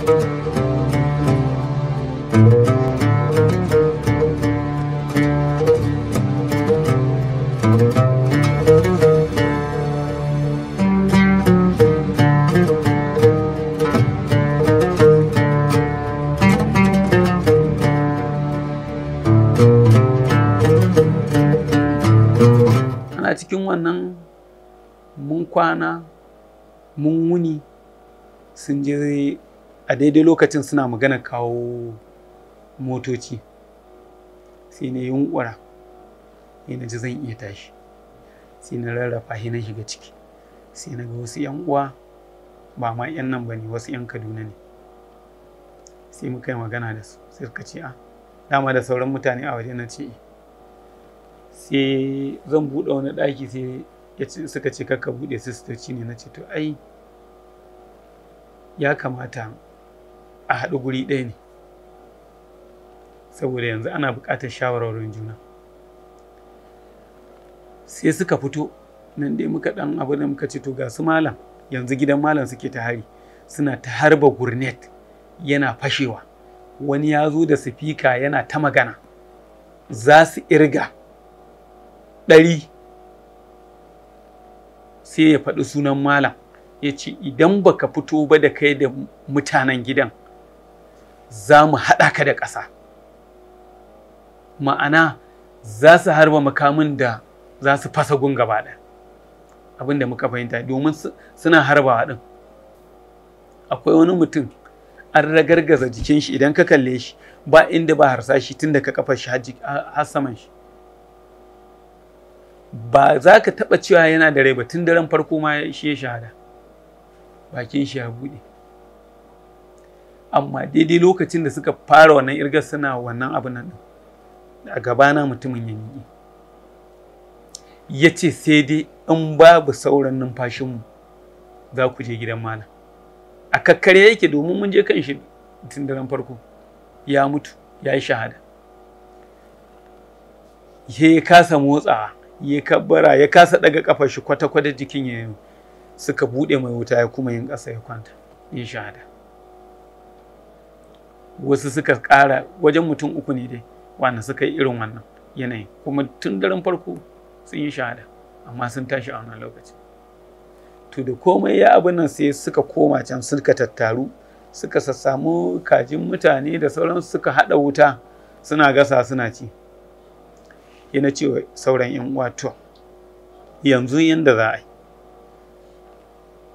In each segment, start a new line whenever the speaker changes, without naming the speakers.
ana cikin wannan mun kwana mun wuni sun je a daidai lokacin suna magana kawo motoci sai na yunƙura sai ji zan iya tashi sai na rarrafa shi na shiga ciki sai na ga wasu 'yan uwa ba ma 'yan nan ba ne wasu 'yan kaduna ne sai muka yi magana da su sai suka ce a dama da sauran mutane a waje na ce eh. sai zan buɗe wani ɗaki sai suka ce kakka buɗe sistoci ne na ce to ai ya kamata a haɗu guri ɗaya ne saboda yanzu ana buƙatar shawarwarin juna sai suka fito nan dai muka ɗan abu da muka ce to ga su malam yanzu gidan malam suke ta hari suna ta harba gurnet yana fashewa wani ya zo da sifika yana ta magana za su irga ɗari sai ya faɗi sunan malam ya ce idan baka fito ba da kai da mutanen gidan za mu haɗa ka da ƙasa ma'ana za su harba makamin da za su fasa gun gaba abin da muka fahimta domin suna harbawa ɗin akwai wani mutum an ragargaza jikin shi idan ka kalle shi ba inda ba harsashi tun da ka kafa shi har saman shi ba za ka taɓa cewa yana da rai ba tun daren farko ma shi ya shahada bakin shi ya buɗe amma daidai lokacin da suka fara wannan irgar suna wannan abin nan a gaba na mutumin ya miƙe ya ce sai dai in babu sauran numfashinmu za ku je gidan malam a kakkare yake domin mun je kan shi tun daren farko ya mutu ya yi shahada ya kasa motsawa ya kabbara ya kasa daga kafa shi kwata-kwata jikin ya suka buɗe mai wuta ya kuma yin ƙasa ya kwanta ya shahada wasu suka ƙara wajen mutum uku ne dai wanda suka yi irin wannan yanayin, kuma tun daren farko sun yi shahada amma sun tashi a wannan lokaci to da komai ya abin nan sai suka koma can suka tattaru suka sassamu kajin mutane da sauran suka haɗa wuta suna gasa suna ci yana cewa sauran yan uwa yanzu yanda za a yi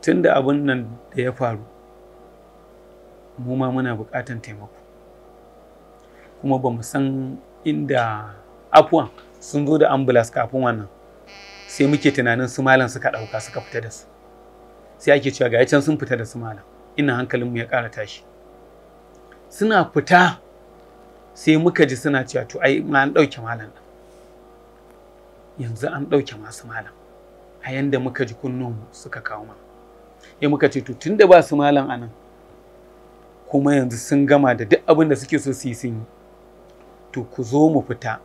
tun da abin nan da ya faru mu ma muna buƙatan taimako kuma ba mu san inda afuwan sun zo da ambulance kafin wannan sai muke tunanin su malam suka ɗauka suka fita da su sai ake cewa ga can sun fita da su malam ina hankalin mu ya kara tashi suna fita sai muka ji suna cewa to ai ma an dauke malam yanzu an dauke masu malam a yanda muka ji kunnunmu suka kawo ma ya muka ce to tunda ba su malam anan. kuma yanzu sun gama da duk abin da suke so su yi sun yi to ku zo mu fita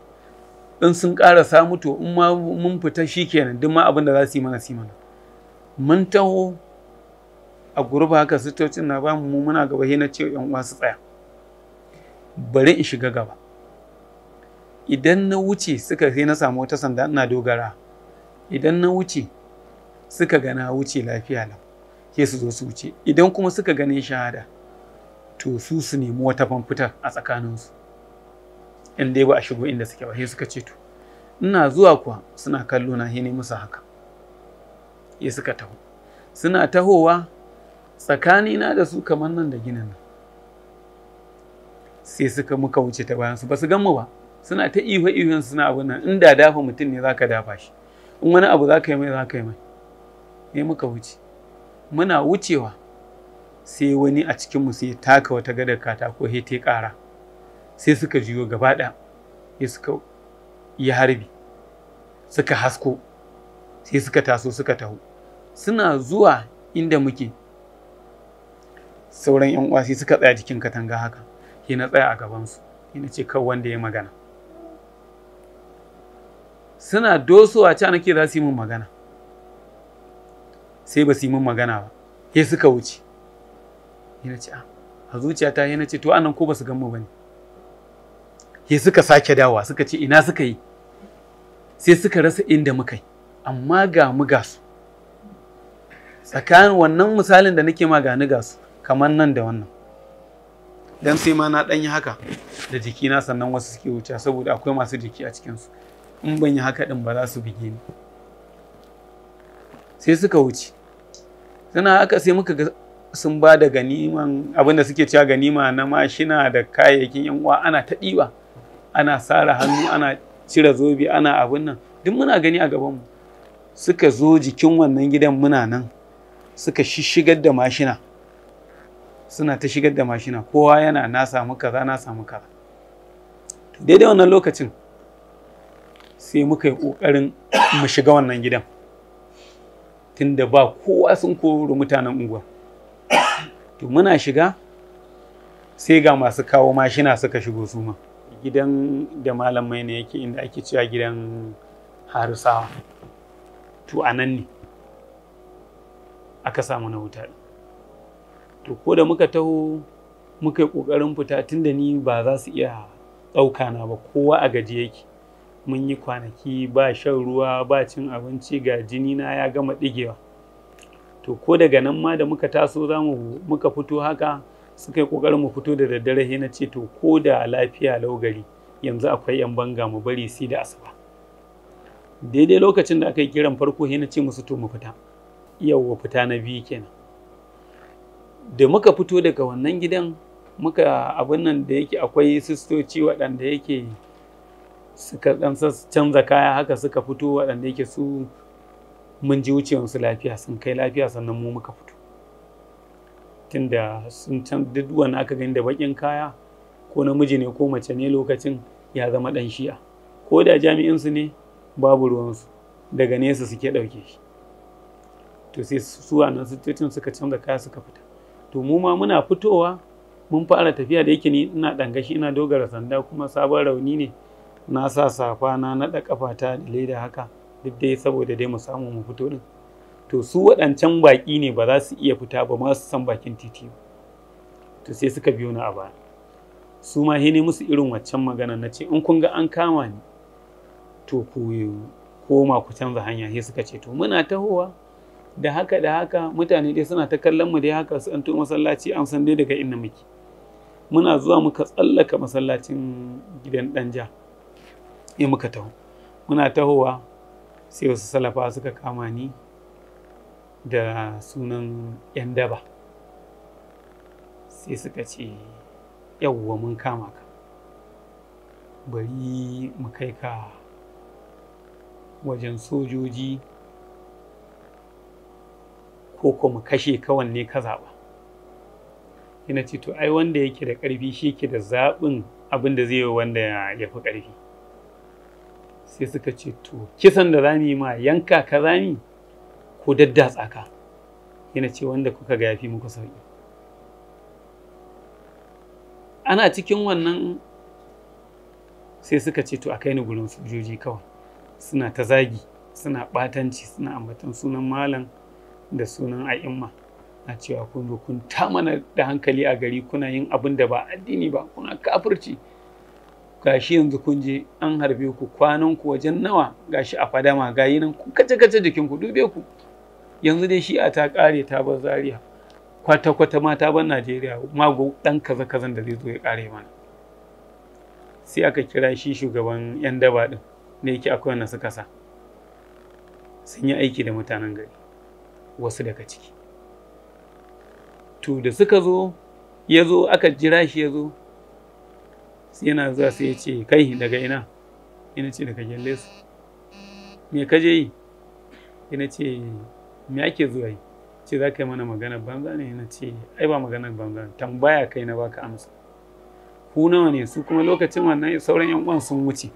in sun ƙara samu to in ma mun fita shi kenan duk ma abin da za su yi mana su mana mun taho a gurba haka tocin na ba mu muna gaba na ce yan uwa su tsaya bari in shiga gaba idan na wuce suka sai na samu wata sanda ina dogara idan na wuce suka gana wuce lafiya lau sai su zo su wuce idan kuma suka gane shahada to su su nemi wata fanfita a tsakaninsu in dai ba a shigo inda suke ba sai suka ce to ina zuwa kuwa suna kallo na ne musu haka ya suka taho suna tahowa tsakanina da su kamar nan da ginin nan sai suka muka wuce ta bayansu ba su gan mu ba suna ta ihu ihun suna abin nan in da dafa mutum ne zaka dafa shi in wani abu zaka yi mai zaka yi mai sai muka wuce muna wucewa sai wani a cikinmu sai taka wata gadar katako sai ta ƙara sai suka juyo gaba ɗaya sai suka yi harbi suka hasko sai suka taso suka taho suna zuwa inda muke sauran yan uwa sai suka tsaya jikin katanga haka sai na tsaya a gabansu sai na ce kawai wanda ya magana suna dosowa can nake za su yi min magana sai ba su yi min magana ba sai suka wuce yana ce ah. a zuciyata yana ce to anan ko ba su mu ba ne suka sake dawa suka ce ina suka yi sai suka rasa inda muka yi amma ga mu ga su tsakanin wannan misalin da nake ma ga ni ga su kamar nan da wannan dan sai ma na ɗan haka da jikina sannan wasu suke wuce saboda akwai masu jiki a cikinsu in ban yi haka din ba za su bige ni sai suka wuce suna haka sai muka ga sun ba da ganiman abin da suke cewa ganima na mashina da kayayyakin yan uwa ana ta diba ana sara hannu ana cire zobe ana abin nan duk muna gani a gaban mu suka zo jikin wannan gidan muna nan suka shigar da mashina suna ta shigar da mashina kowa yana na samu kaza na samu kaza daidai wannan lokacin sai muka yi ƙoƙarin mu shiga wannan gidan tunda ba kowa sun kori mutanen unguwa to muna shiga sai ga masu kawo mashina suka shigo su ma gidan da malamai ne yake inda ake cewa gidan harisawa to a nan ne aka samu na wuta to ko da muka taho muka yi ƙoƙarin fita tunda ni ba za su iya ɗauka na ba kowa a gaji yake mun yi kwanaki ba shan ruwa ba cin abinci ga jini na ya gama ɗigewa to ko daga nan ma da muka taso za mu muka fito haka suka yi kokarin mu fito da daddare na ce to ko da lafiya laugari yanzu akwai yan banga mu bari sai da asuba daidai lokacin da aka yi kiran farko na ce musu to mu fita yawwa fita na biyu kenan da muka fito daga wannan gidan muka abin nan da yake akwai sistoci waɗanda yake suka ɗan canza kaya haka suka fito waɗanda yake su mun ji wucewansu lafiya sun kai lafiya sannan mu muka fito tunda sun can duk wani aka gani da bakin kaya ko namiji ne ko mace ne lokacin ya zama dan shi'a ko da jami'in su ne babu ruwansu daga nesa suke ɗauke shi to sai su a nan sitocin suka canza kaya suka fita to mu ma muna fitowa mun fara tafiya da yake ni ina dangashi ina dogara sanda kuma sabon rauni ne na sa safa na naɗa ƙafata da leda haka duk dai saboda dai mu samu mu fito din to su waɗancan baki ne ba za su iya fita ba ma su san bakin titi to sai suka biyo ni a baya su ma ne musu irin waccan magana na ce in kun ga an kama ni to ku koma ku canza hanya sai suka ce to muna tahowa da haka da haka mutane dai suna ta kallon mu dai haka su an to masallaci an san dai daga inda muke muna zuwa muka tsallaka masallacin gidan danja ya muka taho muna tahowa sai wasu salafa suka kama ni da sunan 'yan daba sai suka ce yawwa mun kama ka bari mu kai ka wajen sojoji ko kuma kashe kawan ne ka zaɓa ina ce to ai wanda yake da ƙarfi shi ke da zaɓin abin da zai yi wanda ya fi ƙarfi sai suka ce to kisan da za mu yi ma yanka ka za mu ko dadda tsaka. yana ce wanda kuka ga yafi muku sauki ana cikin wannan sai suka ce to a kai ni gurin sojoji kawai suna ta zagi suna ɓatanci suna ambatan sunan malam da sunan a'imma na cewa kun zo kun ta mana da hankali a gari kuna yin abin da ba addini ba kuna kafirci gashi yanzu kun je an harbe ku kwanan ku wajen nawa gashi a fadama gayi nan ku kace kace jikin ku dube ku yanzu dai shi a ta kare ta bar Zariya kwata kwata ma ta bar najeriya go dan kaza kazan da zai zo ya kare mana sai aka kira shi shugaban yan daba din ne yake akwai wanda suka sa sun yi aiki da mutanen gari wasu daga ciki to da suka zo ya zo aka jira shi ya zo yana zuwa sai ya ce kai daga ina ina ce daga gyalle su me ka je yi ina ce me ake zuwa yi ce za ka yi mana magana banza ne ina ce ai ba magana banza tambaya kai na baka amsa ku nawa ne su kuma lokacin wannan sauran yan uwan sun wuce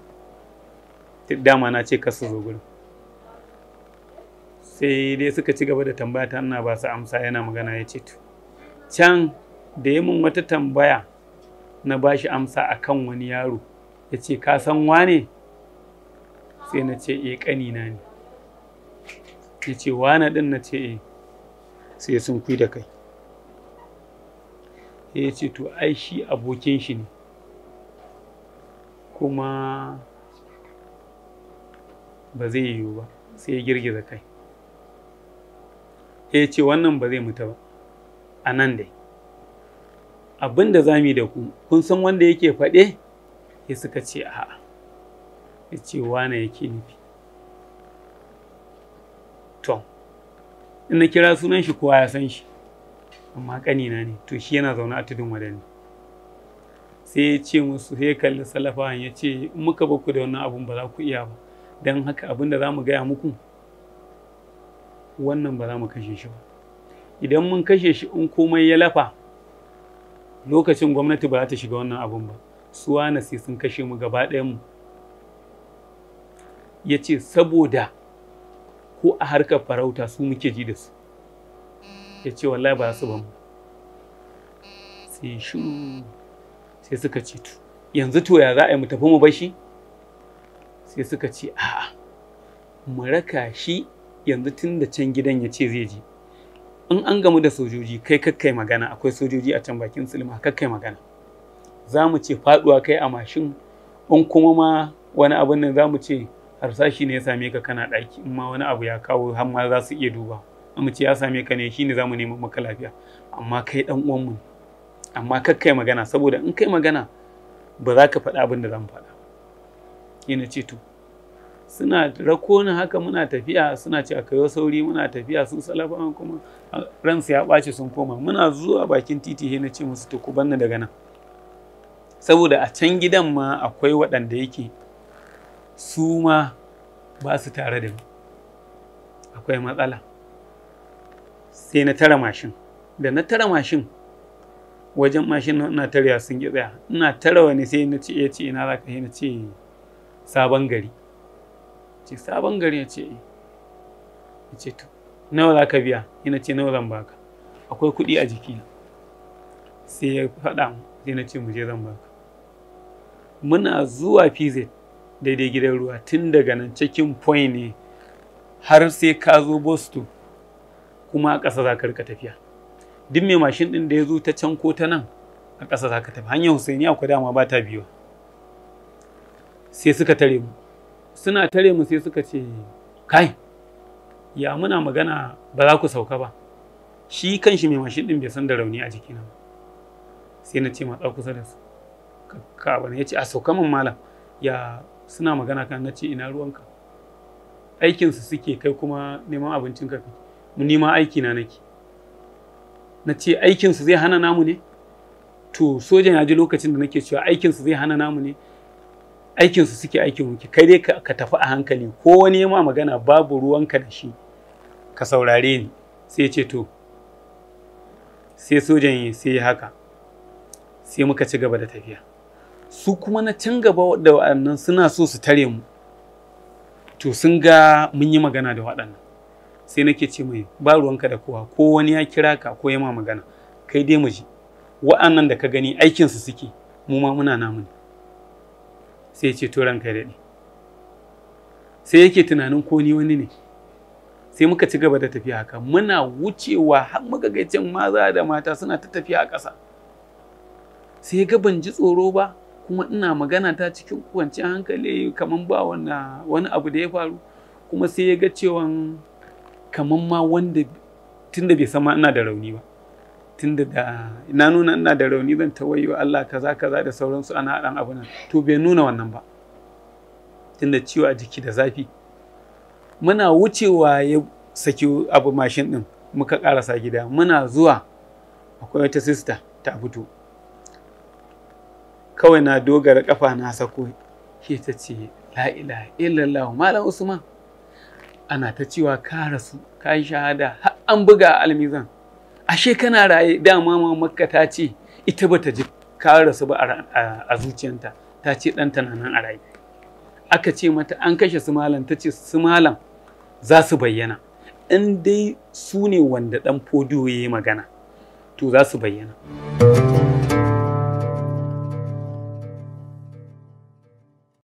dama na ce kasu zo gurin sai dai suka ci gaba da tambaya ta ina ba su amsa yana magana ya ce to can da yi mun wata tambaya na ba shi amsa a kan wani yaro ya ce ka san wane sai na ce e eh, kanina ne ya ce wane din na ce e sai sun da kai ya ce to ai shi abokin shi ne kuma ba zai yiwu ba sai ya girgiza kai ya ce wannan ba zai mutu ba a nan dai abin da za mu yi da ku kun san wanda yake faɗe ya suka ce a'a ya ce wane yake nufi to ina kira sunan shi kowa ya san shi amma ƙanina ne to shi yana zaune a tudun wadani sai ya ce musu sai kalli salafahan ya ce muka ba ku da wannan abun ba za ku iya ba don haka abin da za mu gaya muku wannan ba za mu kashe shi ba idan mun kashe shi in komai ya lafa lokacin gwamnati ba za ta shiga wannan abun ba su sai sun kashe mu gaba mu ya ce saboda ko a harkar farauta su muke ji da su ya ce wallahi ba su ba mu sai shi. sai suka ce to yanzu to ya za a yi mu tafi mu bashi sai suka ce a'a mu raka shi yanzu tun da can gidan ya ce zai je in an gamu da sojoji kai kakkai magana akwai sojoji a can bakin sulma kakkai magana za mu ce faduwa kai a mashin in kuma ma wani abin nan za mu ce harsashi ne ya same ka kana daki? in ma wani abu ya kawo har ma za su iya duba mu ce ya same ka ne shine za mu neman maka lafiya amma kai dan uwan mu amma kakkai magana saboda in kai magana ba za ka faɗa abin da zamu faɗa yana ce to suna rako haka muna tafiya suna cewa kayo sauri muna tafiya sun salafa kuma ransu ya ɓace sun koma muna zuwa bakin titi na ce musu to ku banna daga nan saboda a can gidan ma akwai waɗanda yake su ma ba su tare da mu akwai matsala sai na tara mashin da na tara mashin wajen mashin na tarewa sun ki tsaya ina tara wani sai na ce ya eh, ce ina za ka na ce sabon gari ce sabon gari ya ce ya eh. ce to nawa za ka biya yana ce nawa zan baka akwai kuɗi a jiki sai ya faɗa mu sai ce mu je zan baka muna zuwa PZ daidai gidan ruwa tun daga nan cikin point ne har sai ka zo Boston kuma a ƙasa za ka tafiya duk mai mashin ɗin da ya zo ta can ko ta nan a ƙasa za ka tafi hanyar Hussaini akwai dama ba ta biyuwa sai suka tare mu suna tare mu sai suka ce kai ya muna magana ba za ku sauka ba shi kan shi mai mashin din bai san da rauni a jikina ba sai na ce matsa kusa da su ka bane ya ce a sauka min malam ya suna magana kan na ce ina ruwanka aikinsu suke kai kuma neman abincin kafi mu nima aiki na nake na ce aikinsu zai hana namu ne to sojan ya ji lokacin da nake cewa aikinsu zai hana namu ne aikin su suke aikin wuki kai dai ka tafi a hankali ko wani ya ma magana babu ruwanka da shi ka saurare ni sai ce to sai sojan yi sai haka sai muka ci gaba da tafiya su kuma na can gaba da waɗannan suna so su tare mu to sun ga mun yi magana da waɗannan sai nake ce mai ba ruwanka da kowa ko wani ya kira ka ko ya ma magana kai dai mu ji wa'annan da ka gani aikinsu suke mu ma muna namu sai ce to ranka daɗe sai yake tunanin ko ni wani ne sai muka ci gaba da tafiya haka muna wucewa har muka ga can maza da mata suna ta tafiya a ƙasa sai ga ban ji tsoro ba kuma ina magana ta cikin kwanciyar hankali kamar ba wani abu da ya faru kuma sai ya ga cewa kamar ma wanda tunda bai san ma ina da rauni ba tunda da na nuna ina da rauni zan tawayo Allah kaza kaza da sauransu ana haɗan abu nan to bai nuna wannan ba tunda ciwo a jiki da zafi muna wucewa ya saki abu mashin ɗin muka ƙarasa gida muna zuwa akwai wata sista ta fito kawai na dogara kafa na sako Ke ta ce la ilaha illallah malam usman ana ta cewa ka rasu ka yi shahada har an buga almizan ashe kana raye dama ma makka ta ce ita bata ji ka su ba a zuciyanta ta ce ɗanta na nan a raye aka ce mata an kashe su malam ta ce su malam za su bayyana in dai su ne wanda ɗan fodiyo ya yi magana to za su bayyana.